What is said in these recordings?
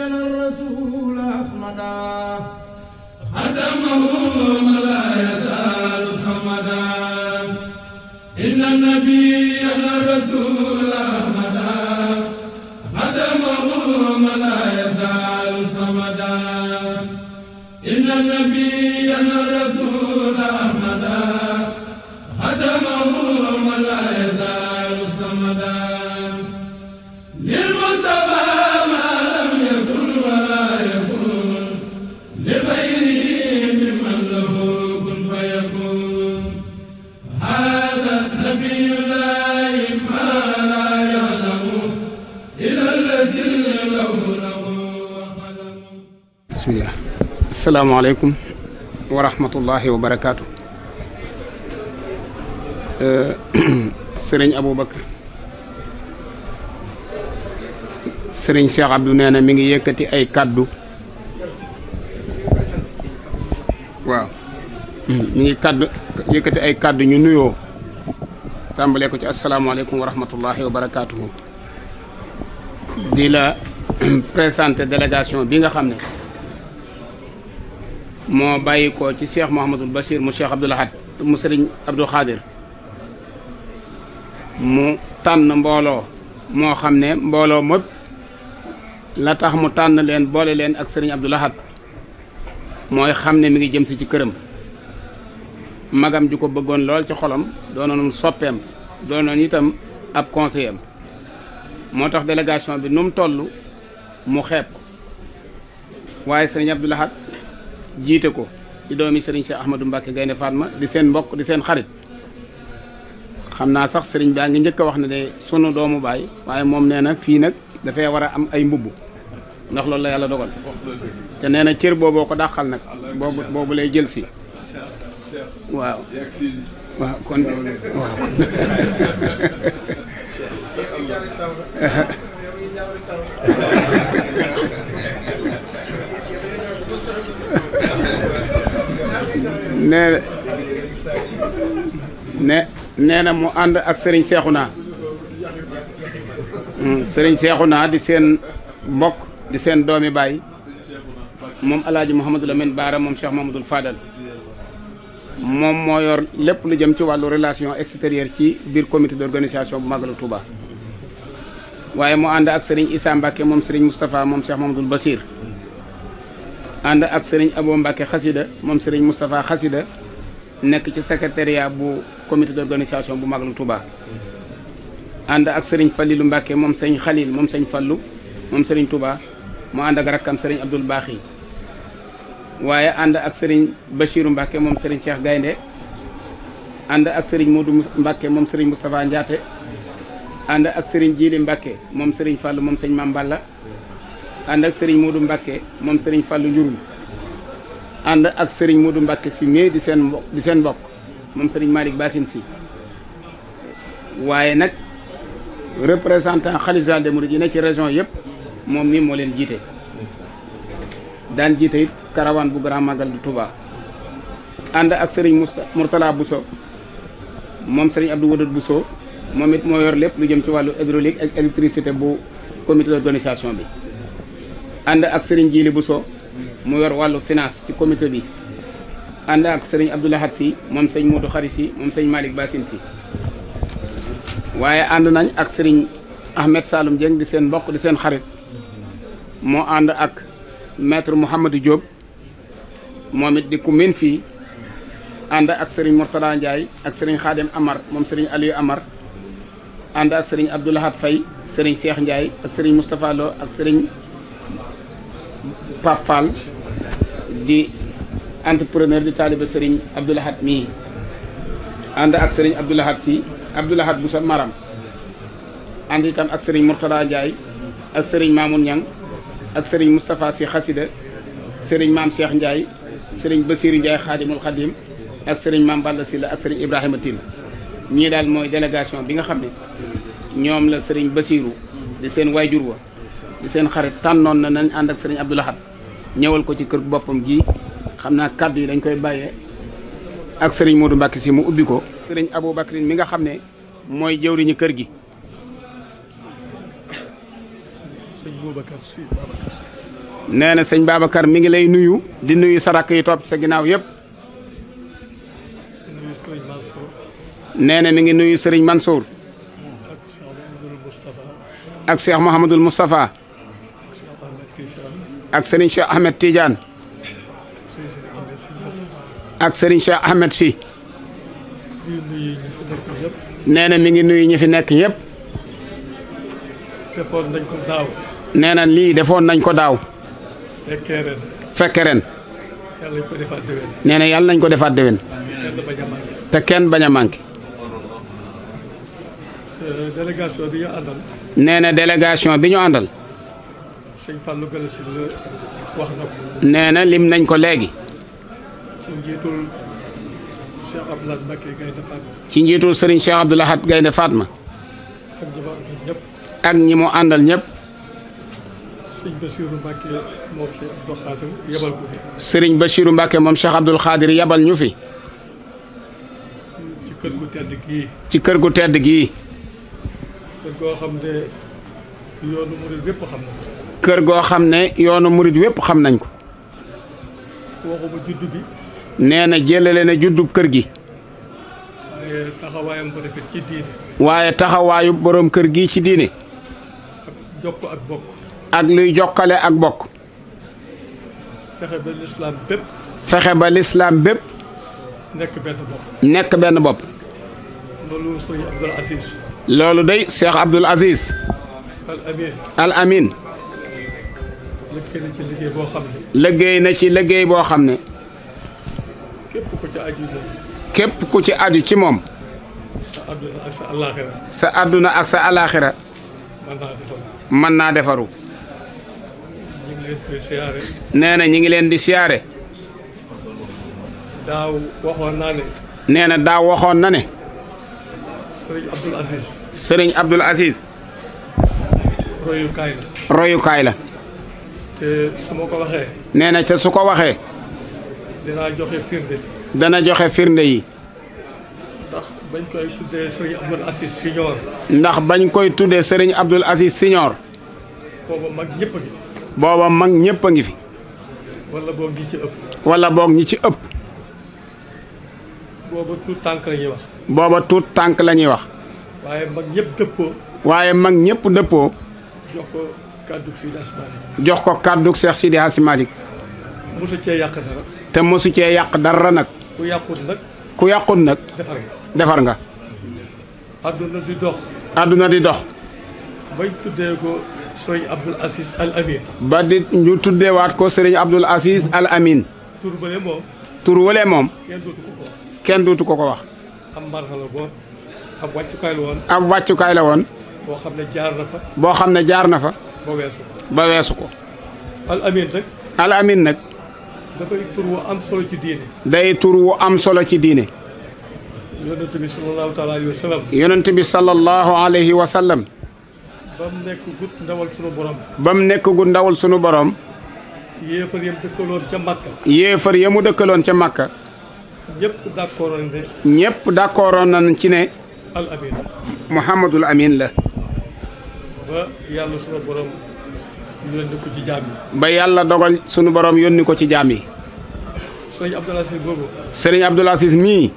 لنا الرسول أحمدا Assalamualaikum wa rahmatullahi wa barakaatu eh, sëriñ Aboubacar sëriñ Cheikh Abdou nee mi ngi yëkkati ay kàddu waaw mi ngi kàddu yëkkati ay kàddu ñu nuyo tàmbalee ko ci asalaamaaleykum wa rahmatullahi wa di la présenter délégation bi nga xamné moo bàyyi ko ci Cheikh Mouhamadul Bachir mu Cheikh Abdoul Ahad mu Sëriñ Abdou Khadir mu tànn mbooloo moo xam ne mbooloo mopp la tax mu tànn leen boole leen ak Sëriñ Abdoul Ahad mooy xam ne mu ngi jëm si ci këram magam ju ko bëggoon lool ci xolam doonoonum soppeem doonoon itam ab conseiller moo tax délégation bi nu mu toll mu xeeb ko waaye Sëriñ Abdoul Ahad jiite ko di doomi sëriñ si Ahmadou Mbacke Gaynde ma di seen mbokk di seen xarit xam naa sax sëriñ baa ngi njëkk a wax ne de sunu doomu baay waaye moom nee na fii nag dafay war a am ay mbubb ndax loolu la yàlla dogal te nee na cër booboo ko dàqal nag boobu lay jël si waaw waaw kon waaw nee ne nee na mu ànd ak sëriñ naa sëriñ naa di seen mbokk di seen doomi baay moom alaaji Mouhamadul Amin Baara moom Cheikh Mamadul Fadal moom moo yor lépp lu jëm ci wàllu relation extérieure ci biir comité d'organisation bu mag la Touba waaye mu ànd ak sëriñ Issa Mbacke moom sëriñ Moustapha moom Cheikh Mamadul Basir ànd ak sëriñ Abo Mbacke xasida moom sëriñ Moustapha xasida nekk ci secrétariat bu comité d'organisation bu Magalu Touba ànd ak sëriñ Falilou Mbacke moom sëriñ Khalil moom sëriñ Fallu moom sëriñ Touba mu ànd ak rakkam sëriñ Abdoul Baaxi waaye ànd ak sëriñ Bachirou Mbacke moom sëriñ Cheikh Gaynde ànd ak sëriñ Modou Mbacke moom sëriñ Moustapha Ndiaté ànd ak sëriñ Jili Mbacke moom sëriñ Fallu moom sëriñ Mamballa ànd ak sëriñ Modou mbakke moom sëriñ Fallou Njurul ànd ak sëriñ Modou Mbacke si mais di seen mbokk seen mbokk moom sëriñ Malick Bassine si waaye nag représentant xalif général des mourides yi ne ci région yëpp moom mi moo leen jiite daan jiite it bu grand magal du Touba ànd ak sëriñ Mourtala Bousso moom sëriñ Abdou bu Bousso moom it moo yor lépp lu jëm ci wàllu hydraulique ak électricité bu comité d'organisation bi ànd ak sëriñ Jili Bousso mu yor wàllu finance ci comité bi ànd ak sëriñ Abdou si moom sëñ Modou Xari si moom sëñ Malick Bassine si waaye ànd nañ ak sëriñ Ahmed Saloum Dieng di seen mbokk di seen xarit moo ànd ak maître Mouhamadou Diop moom it di ku min fii ànd ak sëriñ Mourtada Ndiaye ak sëriñ Khadim Amar moom sëriñ Aliou Amar ànd ak sëriñ Abdou Lahad sëriñ Cheikh Ndiaye ak sëriñ Moustapha Lo ak sëriñ Pafal di entrepreneur di talib Serigne Abdullah Lahad mii ànd ak Serigne Abdullah Lahad si Abdou Lahad Boussa Maram and itam ak Serigne Mourtada Ndiaye ak Serigne Mamoun Niang ak Serigne mustapha si Xasida Serigne mam Cheikh Ndiaye Serigne Bassirou Ndiaye khadimul khadim ak Serigne mam Balla sila ak Serigne Ibrahima tin ñii dal moy délégation bi nga xamné ñom la Serigne Bassirou di seen wayjur wa di seen xarit na nañ and ak Serigne ñëwal ko ci kër boppam gi xam naa kàddu yi dañ koy bàyyee ak sëriñ Modou Mbacke si mu ubbi ko. sëriñ Aboubacrin mi nga xam ne mooy jëwriñu kër gi. nee na sëñ Babacar mi ngi lay nuyu di nuyu sa rakk yi topp sa ginnaaw yëpp. nee na mi ngi nuyu sëriñ Mansour. ak Cheikh Mouhamadul Moustapha. ak Serigne Cheikh Ahmed Tidiane ak Serigne Cheikh Ahmed si nee na mi ngi nuyu ñi fi nekk yëpp. defoon nañ na lii defoon nañ ko daaw. fekkee ren. fekkee yàlla nañ ko defaat déwén. nee na yàlla nañ ko defaat déwén. te kenn bañ a manqué. Euh, délégation bi bi ñu àndal. sëñ Fallou Gala nee na lim nañ ko léegi. ci njiitul Cheikh Abdoul Gaynde Fatma. ci njiitul Serigne Cheikh Abdoul Ahad Gaynde ak ñi mu àndal ñëpp. ak ñi mu àndal ñëpp. sëñ Bassirou Mbacké moom Cheikh Abdoul Khadir yebal ko fi. Serigne Bassirou Mbacké moom Cheikh Abdoul Khadir yebal ñu fi. ci kër gu tedd kër goo xam ne yoonu murit wépp xam nañ ko. waxuma juddu bi. nee na jëlale na juddub kër gi. waaye taxawaayam ko rafet ci diine. waaye taxawaayu borom kër gi ci diine. ak jokk ak bokk. ak luy jokkale ak bokk. fexe ba lislaam bépp. ba lislaam bépp. nekk benn bopp. nekk benn bopp. loolu sëñ Abdul loolu day Cheikh Abdul Aziz. al Amin. al Amin. liggéey na ci liggéey boo xam ne. képp ku ci aju ci moom. sa àdduna ak sa alaaxira. sa àdduna ak sa alaaxira. mën naa defaru. mën naa defaru. ngi leen nee na ñu ngi leen di siyaare. daaw na daaw waxoon na ne. Sëriñ la. te su ma ko waxee. nee te su ko waxee. joxe firnde. dana joxe firnde yi. ndax bañ koy tuddé serigne Abdoul Aziz senior ndax bañ koy tuddé serigne Abdoul Aziz senior bobo mag ñepp gi bobo mag ñepp ngi fi. wala bok ñi ci ëpp. wala bok ñi ci ëpp. bobo tout tank lañuy wax. bobo tout tank lañuy wax. waye mag ñepp dëppoo. waye mag ñepp dëppoo. jox ko. kàddug jox ko kàddug Cheikh Seydi Hadji Malick. mosu yàq dara. te mosu cee yàq dara nag. ku yàqut nag. ku yàqut nag. defar nga defar nga. adduna di dox. adduna di dox. bañ tuddee ko sëriñ Abdoul ba ñu tuddeewaat ko sëriñ Abdoul Aziz Al Amin. tur wale moom. wale moom. kenn dootu ko ko wax. kenn dootu ko ko wax. am marxala boo ab wàccukaay la woon. ab wàccukaay la woon. boo xam ne jaar na fa. boo xam ne jaar na fa. ba weesu ko. al amin nag. al amin nag. dafay tur wu am solo ci diine. day tur wu am solo ci diine. yonent bi sallallahu taala alayhi wa sallam. yonent ba mu nekk gut ndawal sunu borom. ba mu nekk gut ndawal sunu borom. yéefar ya mu dëkkaloon ca Makka. yéefar ya mu dëkkaloon ca Makka. ñëpp d'accord nañ ne. ñëpp d'accord nañ ci ne. al amin. Muhammadul Amin la. ba yàlla sunu borom yónni ko ci jaam yi. ba yàlla dogal sunu borom yónni ko ci jaam yi. sëriñ Abdoul Aziz boobu. sëriñ Abdoul Aziz mii.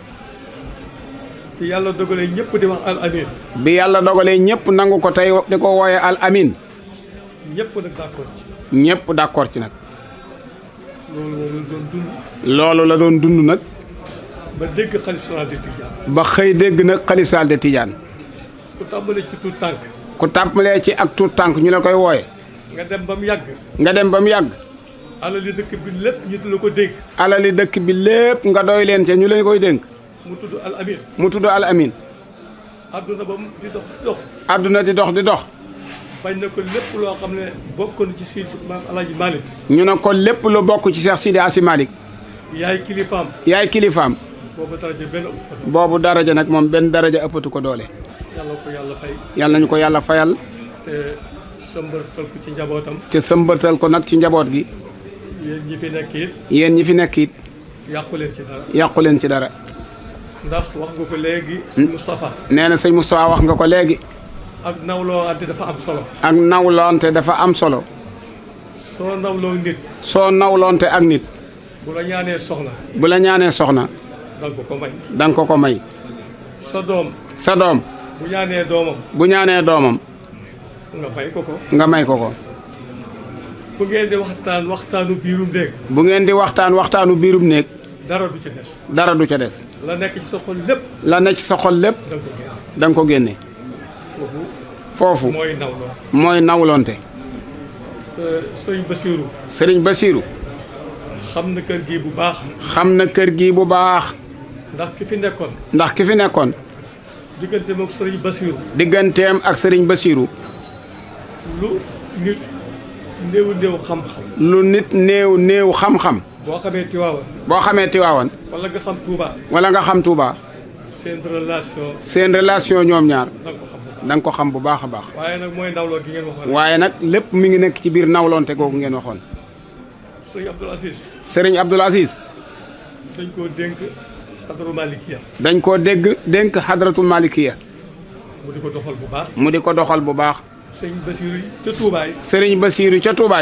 bi yàlla dogalee ñëpp di wax al amin. bi yàlla dogalee ñëpp nangu ko tey di ko wooyee al amin. ñëpp nag d'accord ci. ñëpp d'accord ci nag. loolu la doon dund. loolu la doon dund nag. ba dégg xalif général de Tidiane. ba xëy dégg nag xalif général de Tidiane. ku tàmbalee ci tuut tànk. ku tàmbalee ci ak tuut tànk ñu la koy wooye nga dem ba mu yàgg nga dem ba mu yàgg alali dëkk bi lépp ñu la ko dénk alali dëkk bi lépp nga doy leen ca ñu lañ koy dénk mu tudd al mu tudd al amin adduna ba mu di dox di dox adduna di dox di dox bañ na ko lépp loo xam ne bokk ci Seydi Maam ñu ne ko lépp lu bokk ci Seex Sidi Asi yaay kilifaam yaay kilifaam boobu daraja benn boobu daraja nag moom benn daraja ëppatu ko doole yàlla yàlla fay. yàlla nañu ko yàlla fayal. te sëmbatal ko ci njabootam. te sëmbatal ko nag ci njaboot gi. yéen ñi fi nekk it. yéen ñi fi nekk it. yàqu leen ci dara. ci dara. ndax wax nga ko léegi. Hmm? sëñ Moustapha. nee na sëñ Moustapha wax nga ko léegi. ak nawloonte dafa am solo. ak nawloonte dafa am solo. soo nawloo nit. soo nawloonte ak nit. bu la ñaanee soxna. bu la ñaanee soxna. danga ko ko may. danga ko ko may. sa doom. sa doom. bu ñaanee doomam. bu ñaanee doomam. nga may ko ko. nga may ko ko. bu ngeen di waxtaan waxtaanu biirum néeg. bu ngeen di waxtaan waxtaanu biirum néeg. dara du ca des. dara du ca des. la nekk ci sa xol lépp. la nekk ci sa xol lépp. da nga ko génne. foofu mooy nawloo. mooy nawlonte. Euh, sëriñ Basiiru. sëriñ Basiiru. xam na kër gi bu baax. xam na kër gi bu baax. ndax ki fi nekkoon. ndax ki fi nekkoon. digganteem ak sëriñ Basiiru. digganteem ak sëriñ Basiiru. lu nit néew néew xam-xam. lu nit néew néew xam-xam. boo xamee Tiwaawan. boo xamee Tiwaawan. wala nga xam Touba. wala nga xam Touba. seen relation. seen relation ñoom ñaar. da nga ko xam bu baax a baax. waaye nag mooy nawloo gi ngeen waxoon. waaye nag lépp mi ngi nekk ci biir nawloonte googu ngeen waxoon. sëriñ Abdoul Aziz. sëriñ Abdoul Aziz. dañ koo dénk. xadratu malikiya. dañ koo dégg dénk xadratu malikiya. mu di ko doxal bu baax. mu di ko doxal bu baax. sëriñ Basiiru ca Touba it. sëriñ Basiiru ca Touba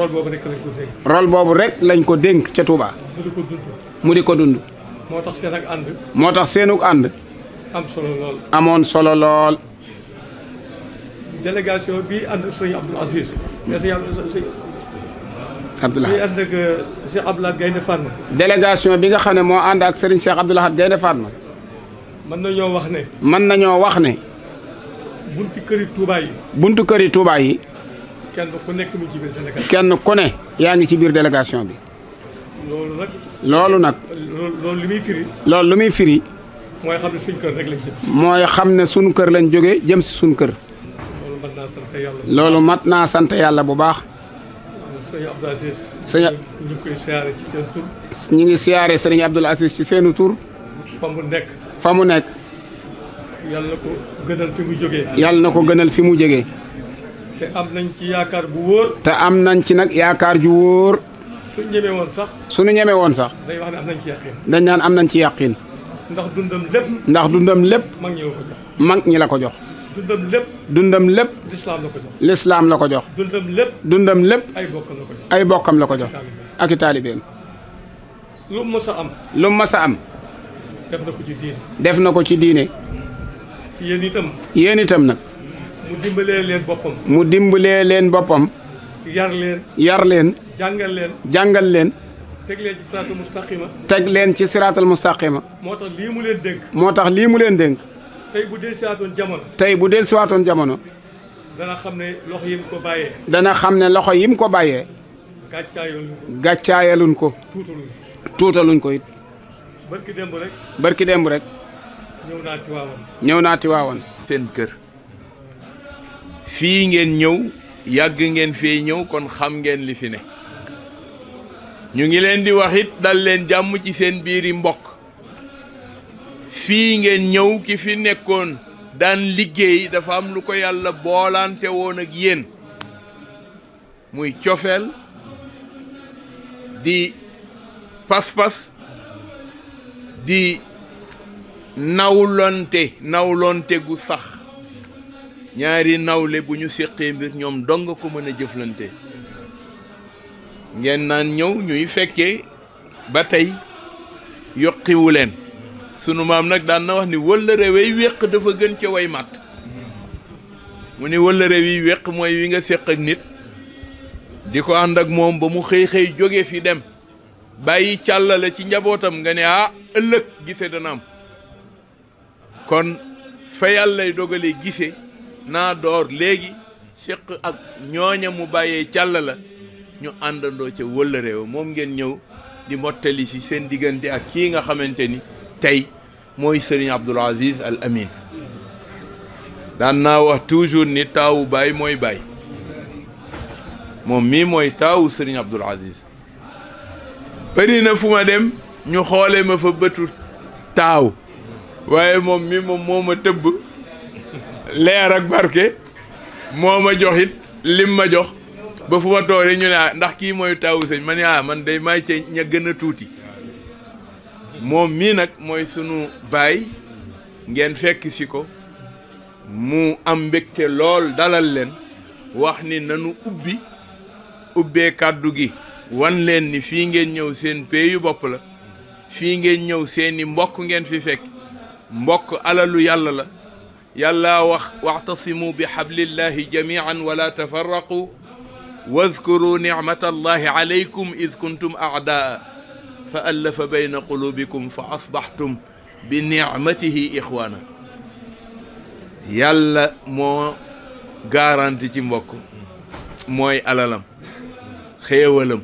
boobu rek lañ ko dénk. boobu rek lañ ko dénk ca Touba. mu di ko dund. moo tax seen ànd. moo tax seenug ànd. am solo lool. amoon solo lool. délégation bi ànd ak Abdoulaye muy ànd ak euh, Cheikh Abdoulaye Gaynde bi nga xam ne moo ànd ak Serigne Cheikh Abdoulaye Gaynde Fatma. mën nañoo wax ne. mën nañoo wax ne. buntu kër yi. buntu yi. kenn ku nekk mu ne yaa ngi ci biir délégation bi. loolu nag. loolu li muy firi. loolu lu muy firi. mooy xam ne suñ xam ne suñu kër lañ jóge jëm si suñu kër. loolu mat naa sant yàlla bu baax. sëñ Abdoul Aziz. sëñ ñu ngi koy siyaare ci seen tur. ñu Aziz ci seenu tur. fa mu nekk. fa mu nekk. yàlla na ko gënal fi mu jógee. yàlla na gënal fi mu jógee. te am nañ ci yaakaar bu wóor. te am nañ ci nag yaakaar ju wóor. su ñeme woon sax. suñu ñeme woon sax. day wax am nañ ci yàqin. dañ naan am nañ ci yàqin. ndax dundam lépp. ndax dundam lépp. mag ñi la ko jox. mag ñi la ko jox. dundam lépp. dundam lépp. lislaam la ko jox. lislaam la ko jox. dundam lépp. dundam lépp. ay bokkam ay bokkam la ko jox. ak i taalibeem. lu mu mës am. lu mu mës am. def na ko ci diine. def na ko ci diine. yéen itam. yéen itam nag. mu dimbalee leen boppam. mu dimbalee leen boppam. yar leen. yar leen. jàngal leen. jàngal leen. teg leen ci siraatal mustaqima. teg leen ci siraatal mustaqima. moo tax lii mu leen dénk. moo tax lii mu leen dénk. tey bu dellusiwaatoon jamono. tey bu dellusiwaatoon jamono. dana xam ne loxo yim ko bàyyee. dana xam ne loxo yim ko bàyyee. gàccaayaluñ ko. gàccaayaluñ ko. it. barki démb rek. barki démb rek. ñëw naa Tiwaawan. ngeen ngeen kon xam ngeen li fi ne. ñu ngi leen di wax dal leen ci seen biiri mbokk. fii ngeen ñëw ki fi nekkoon daan liggéey dafa am lu ko yàlla boolantewoon woon ak yéen muy cofeel di pas-pas di nawlonte nawlonte gu sax ñaari nawle bu ñu séqee mbir ñoom dong ko mën a jëflante ngeen naan ñëw ñuy fekkee ba tey yokkiwu leen sunu maam nag daan na wax ni wëllëre way weq dafa gën ca way màtt mu ni wëllëre wi weq mooy wi nga seq ak nit di ko ànd ak moom ba mu xëy xëy jóge fi dem bàyyi càllale ci njabootam nga ne ah ëllëg gise dana am kon fa yàllay dogalee gise naa door léegi seq ak ñooña mu bàyyee càlla ñu àndandoo ca wëllëre wa moom ngeen ñëw di mottali ci seen diggante ak kii nga xamante ni tey mooy Serigne Abdoul Aziz Al Amin daan naa wax toujours ni taawu baay mooy baay moom mii mooy taawu Serigne Abdoul Aziz bëri na fu ma dem ñu xoolee ma fa bëtu taaw waaye moom mii moom moo ma tëbb leer ak barke moo ma jox it lim ma jox ba fu ma tooree ñu ne ah ndax kii mooy taawu sëñ man ah man day may ci ña gën a tuuti. mom mi nak moy sunu bay ngeen fekk ci ko mu am mbégte lol dalal len wax ni nanu ubbi ubbe kàddu gi wan len ni fi ngeen ñëw seen peyu bop la fi ngeen ñëw seen mbokk ngeen fi fekk mbokk alalu yàlla la yàlla wax wa'tasimu bi xablillahi jamian wala tafarraqu واذكروا نعمة الله عليكم إذ كنتم أعداء فألف بين قلوبكم فأصبحتم بنعمته إخوانا يلا مو غارانتي تي مبوك موي علالم خيوالم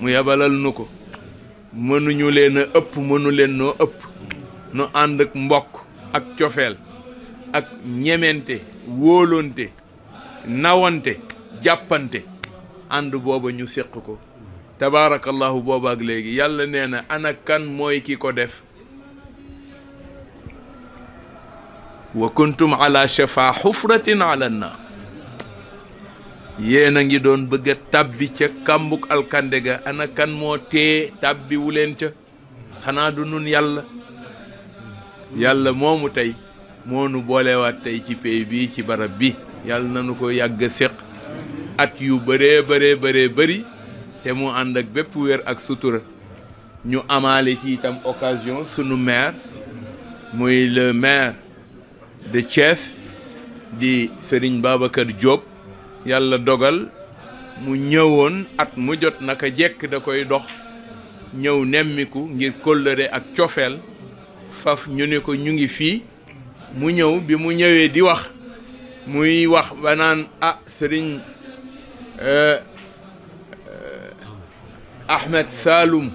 مو يبالال نوكو منو نيو لين اوب منو لين نو اوب نو اندك مبوك اك تيوفيل اك نيمنتي وولونتي ناونتي جابانتي اند بوبو نيو سيخكو tabaarakallahu boobaak léegi yàlla nee na ana kan mooy ki ko def wa kuntum ala shafa xufratin ala naar yéen a ngi doon bëgg a tàbbi ca kàmbuk alkande ga ana kan moo tee tàbbi wu ca xanaa du nun yàlla yàlla moomu tey moo nu boolewaat tey ci pey bi ci barab bi yàlla na nu ko yàgg séq at yu bëree bëree bëree te mu ànd ak bépp wér ak sutura ñu amaale ci itam occasion sunu maire muy le maire de Thiès di sëriñ Babacar Diop yàlla dogal mu ñëwoon at mu jot naka jekk da koy dox ñëw nemmiku ngir kóllëre ak cofeel faf ñu ne ko ñu ngi fii mu ñëw bi mu ñëwee di wax muy wax ba naan ah Serigne. Euh, Ahmed Saloum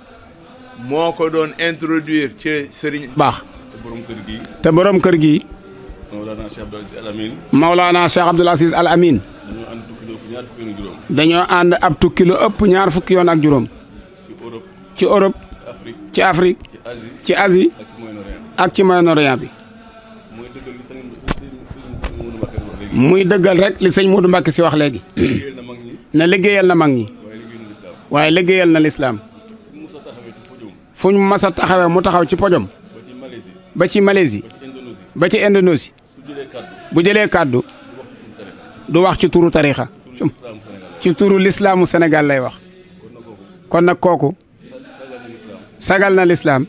moo ko doon introduire ci Serigne Baax. te borom kër gi. te borom kër gi. Maulana Cheikh Abdoul Aziz Al Amin. Maulana Al Amin. dañoo ànd ab tukki lu ëpp ñaar fukki yoon ak juróom. ci Europe. ci Europe. ci Afrique. ci Asie. ci Asie. ak ci moyen bi. muy dëggal rek li sëñ Modou Mbacke wax léegi. na liggéeyal na mag ñi. waaye liggéeyal na lislaam fu ñu mas a mu taxaw ci pojom ba ci Malaisie ba ci Indonésie bu jëlee kàddu du wax ci turu tarixa ci turu lislaamu Sénégal lay wax kon nag kooku sagal na lislaam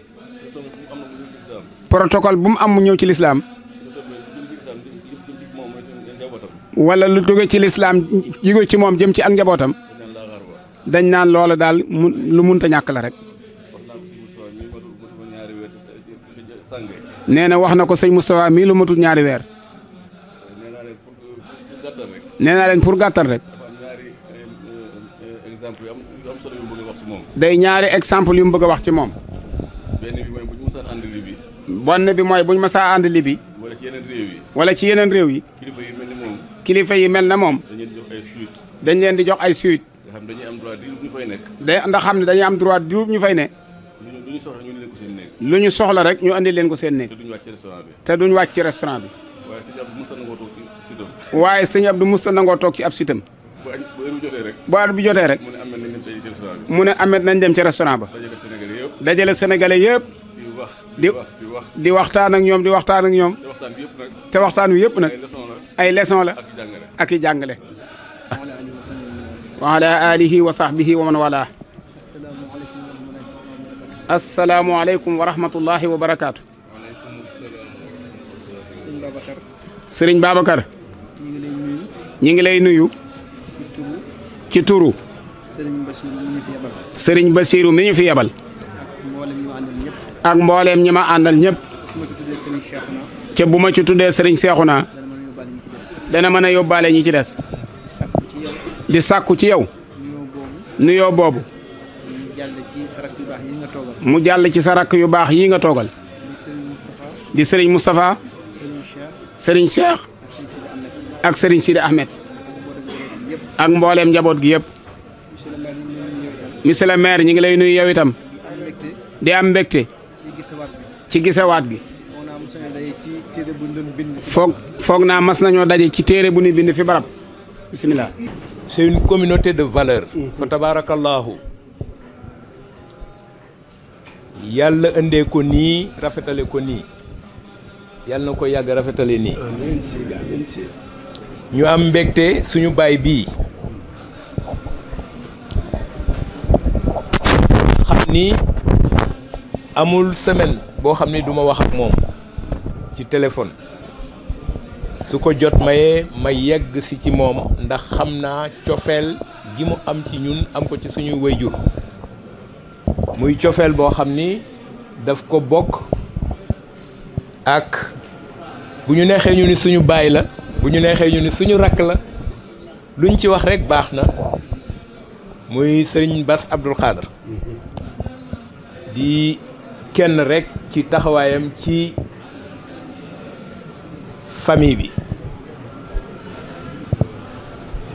protocole bu mu am mu ñëw ci lislaam walla lu jóge ci lislaam jóge ci moom jëm ci ak njabootam dañ naan loola daal mu lu munta ñàkk la rek. nee na wax na ko sëñ Moustapha mii lu matul ñaari weer. nee naa leen pour gàttal rek. day ñaari exemple yu mu bëgg a wax ci moom. bonn bi mooy buñ ñu mës a ànd libi. wala ci yeneen réew yi. wala kilifa yi mel na moom. dañ leen di jox ay suite. dañ leen di jox ay suite. xam am droit diirub ñu day ndax xam ne dañuy am droit diirub ñu fay ne. lu ñu soxla ñu lu ñu soxla rek ñu andi leen ko seen néeg. te duñ wàcc restaurant bi. te duñ wàcc restaurant bi. waaye sëñ Abdou Moussa nangoo toog ci waaye sëñ Abdou Moussa nangoo toog ci ab sitam. bu heure bi jotee rek. bu heure bi mu ne amet nañ dem ci restaurant ba. dajale Sénégalais yëpp. dajale Sénégalais yëpp. di wax di wax waxtaan ak ñoom di waxtaan ak ñoom. te waxtaan wi yëpp nag. ay leçon la ay leçon la. ak i وعلى آله وصحبه ومن والاه السلام عليكم ورحمة الله وبركاته سرين بابكر نيغلي نيو كي تورو سرين بشير مين في يبل اك مبولم نيما اندال نيب تي بوما تي تودي سرين شيخنا دا نا مانا يوبالي ني تي ديس di sàkku ci yow. nuyoo boobu. mu jàll ci sa rakk yu baax yii nga toogal. di sëriñ Moustapha. sëriñ Cheikh. ak sëriñ Sidi Ahmed. ak mbooleem njaboot gi yëpp. monsieur le maire ñi ngi lay nuyu yow itam. di am mbégte. ci gisewaat gi. foog foog naa mas nañoo daje ci téere bu ñu bind fi barab bisimilah. c'est communauté de valeur mm-hmm. fa tabaarakallaahu yàlla indee ko nii rafetale ko nii yàlla na ko yàgg rafetale nii ñu am mbégte suñu baay bii xam ni amul semaine boo xam ni duma wax ak moom ci téléphone su ko jot mayee ma yegg si ci moom ndax xam naa cofeel gi mu am ci ñun am ko ci suñuy wayjur muy cofeel boo xam ni daf ko bokk ak bu ñu neexee ñu ni suñu baay la bu ñu neexee ñu ni suñu rakk la luñ ci wax rekk baax na muy sëriñ Bass Abdou Khadre di kenn rekk ci taxawaayam ci famille bi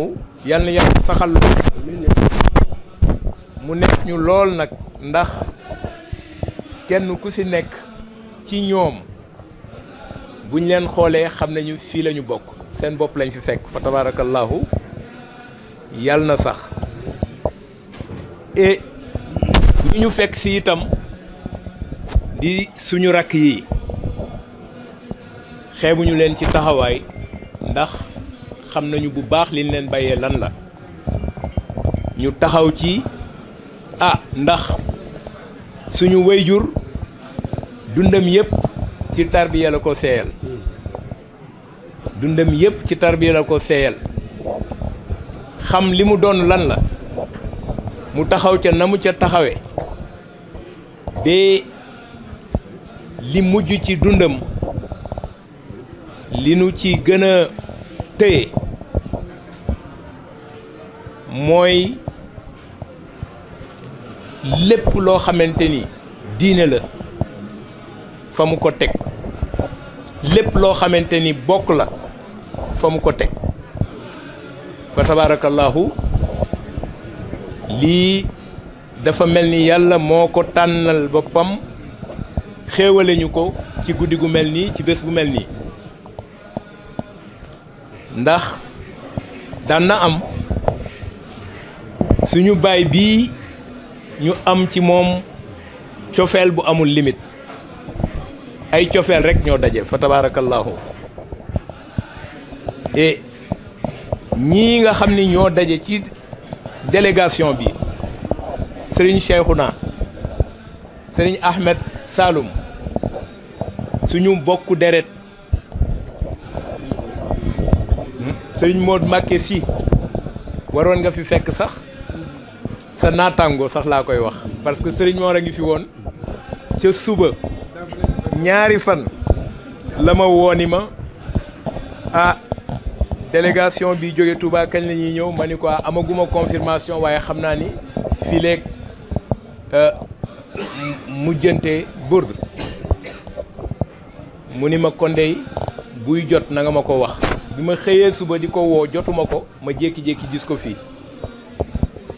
allahu yal na yàlla saxal mu nekk ñu lool nag ndax kenn ku si nekk ci ñoom buñ leen xoolee xam nañu fii la ñu bokk seen bopp lañ fi fekk fa tabaarakallaahu yàlla na sax et ñu ñu fekk ci itam di suñu rakk yi xeebuñu leen ci taxawaay ndax xam nañu bu baax li leen bàyyee lan la ñu taxaw ci ah ndax suñu wayjur dundam yëpp ci tarbiya la ko seeyal dundam yëpp ci tarbiya la ko seeyal xam li mu doon lan la mu taxaw ca na mu ca taxawe de li mujj ci dundam li nu ci gën a téye mooy lépp loo xamante ni diine la fa mu ko teg lépp loo xamante ni bokk la fa mu ko teg fa tabaarakallaahu lii dafa mel ni yàlla moo ko tànnal boppam xéewale ko ci guddi gu mel nii ci bés gu mel nii ndax daan na am suñu baay bii ñu am ci moom cofeel bu amul limite ay cofeel rek ñoo daje fa tabaarakallaahu et ñii nga xam ni ñoo daje ci délégation bi sëriñ Cheikhouna sëriñ Ahmed Saloum suñu bokku deret sëriñ Modou Mbacké Sy waroon nga fi fekk sax sa naataango sax laa koy wax parce que Serigne Mor a ngi fi woon ca suba ñaari fan la ma wooni ma a ah, délégation bi jóge Touba kañ la ñuy ñëw ma ni ko ah, amaguma confirmation waaye xam naa ni fii léegi euh, mujjante Bourde mu ni ma kondey buy jot nanga ma ko wax bi ma xëyee suba di ko woo jotuma ko ma jékki-jékki gis ko fii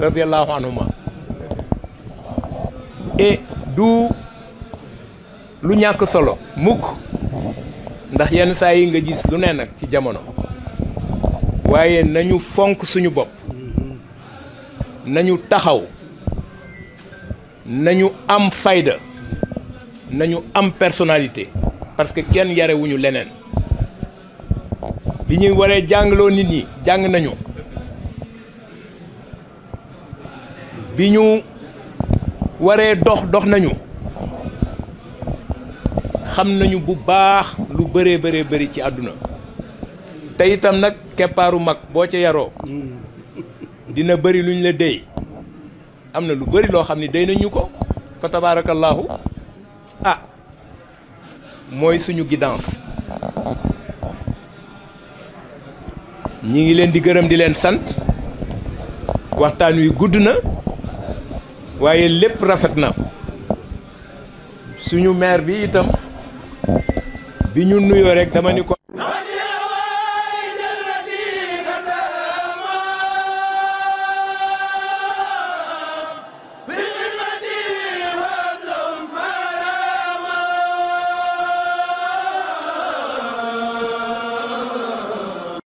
radiallahu anhuma et du lu ñàkk solo mukk ndax yenn saa yi nga gis lu ne nag ci jamono waaye nañu fonk suñu bopp nañu taxaw nañu am fayda nañu am personnalité parce que kenn yarewuñu leneen bi ñuy waree jàngaloo nit ñi jàng nañu bi ñu waree dox dox nañu xam nañu bu baax lu bëree bëree bari ci àdduna te itam nag keppaaru mag boo ca yaroo dina bëri luñ la déy am na lu bari loo xam ne déy nañu ko fa tabaarakallaahu ah mooy suñu guidance ñi ngi leen di gërëm di leen sant waxtaan wi gudd na waaye lépp rafet na suñu meer bi itam bi ñu nuyoo rekk dama ni ko